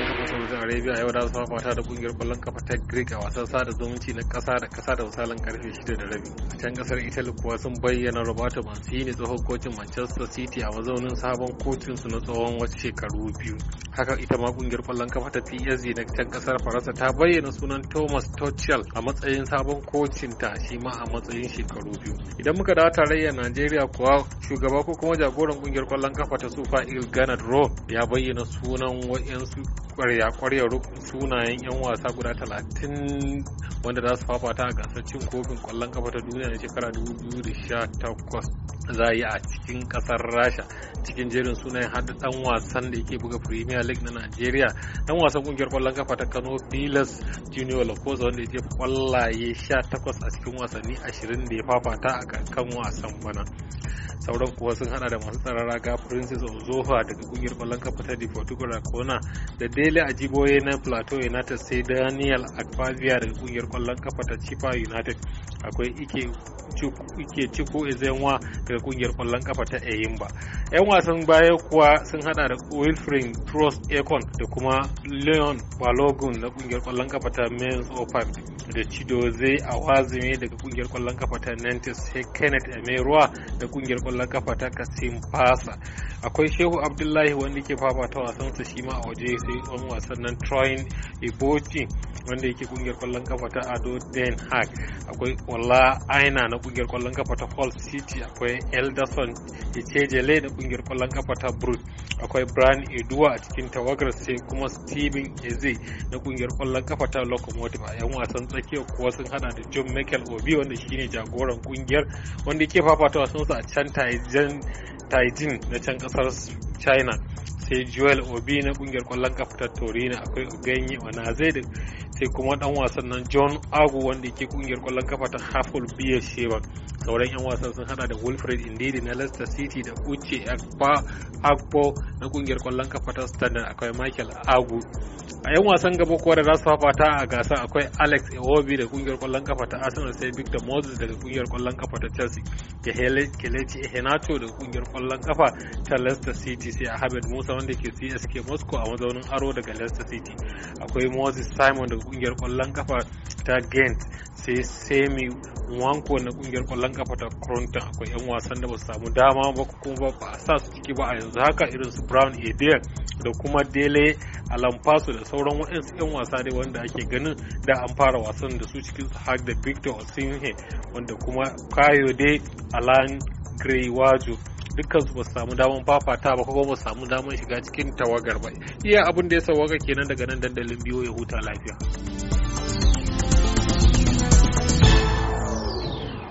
kwallon kafa Saudi Arabia yau da su fafata da kungiyar kwallon kafa ta Greek a wasan sada zumunci na kasa da kasa da misalin karfe 6 da rabi. A can kasar Italy kuwa sun bayyana Roberto Mancini tsohon kocin Manchester City a mazaunin sabon kocinsu na tsawon wasu shekaru biyu. Haka ita ma kungiyar kwallon kafa ta PSG na can kasar Faransa ta bayyana sunan Thomas Tuchel a matsayin sabon kocin ta shi ma a matsayin shekaru biyu. Idan muka dawo tarayyar Najeriya kuwa shugaba ko kuma jagoran kungiyar kwallon kafa ta sufa il gannett ya bayyana sunan wa'yansu kwarya kwarya sunayen yan wasa guda talatin wanda za su fafata a gasar cin kofin kwallon kafa ta duniya na shekara 2018 za yi a cikin kasar rasha cikin jerin sunayen hada dan wasan da yake buga premier league na nigeria dan wasan kungiyar kwallon kafa ta kano pilas junior lokosa wanda ya je kwallaye 18 a cikin wasanni ashirin da ya fafata a kan wasan bana sauran kuwa sun hada da masu tsaron raga princess zoha daga kungiyar kwallon kafa ta deportivo kona da daily ajiboye na plateau united sai daniel akpavia daga kungiyar kwallon kafa ta chipa united akwai ike ike ciko ezenwa daga kungiyar kwallon kafa ta eyimba yan wasan baya kuwa sun hada da wilfred trust econ da kuma leon balogun na kungiyar kwallon kafa ta men's opam da chidoze awazime daga kungiyar kwallon kafa ta nantes kenneth emeruwa da kungiyar kwallon kafa ta kasim fasa akwai shehu abdullahi wanda ke fafata wasansa shi ma a waje sai wani wasan nan troyin ibocin wanda yake kungiyar kwallon kafa ta ado den haag akwai wala aina na kungiyar kwallon kafa ta hall city akwai elderson cejele da kungiyar kwallon kafa ta bruce akwai brian eduwa a cikin tawagar sai kuma steven eze na kungiyar kwallon kafa ta locomotive a yan wasan tsakiya kuwa sun hada da john michael obi wanda shine jagoran kungiyar wanda yake fafata sa a can taijin na can kasar china sai joel obi na kungiyar kwallon kafa torino akwai ogenye onaze da sai kuma dan wasan nan john agu wanda ke kungiyar kwallon kafa ta hafol biyar sheba sauran yan wasan sun hada da wilfred indidi na leicester city da uche agbo na kungiyar kwallon kafa ta standard akwai michael agu a yan wasan gaba kuwa da za su fafata a gasa akwai alex iwobi da kungiyar kwallon kafa ta arsenal sai victor moses daga kungiyar kwallon kafa ta chelsea kelechi henato daga kungiyar kwallon kafa ta leicester city sai ahmed musa wanda ke csk moscow a mazaunin aro daga leicester city akwai moses simon daga kungiyar kwallon kafa ta gent sai semi wanko na kungiyar kwallon kafa ta Crompton akwai 'yan wasan da ba su samu dama ba kuma ba a sa su ciki ba a yanzu haka irin su Brown Edel da kuma dele alamfasu da sauran waɗansu 'yan wasa ne wanda ake ganin da an fara wasan da su cikin har da victor osimhen wanda kuma kayo dai alan wajo dukkan su ba su samu damar fafata ba kuma ba su samu damar shiga cikin tawagar ba iya abin da ya sauwaka kenan daga nan dandalin biyo ya huta lafiya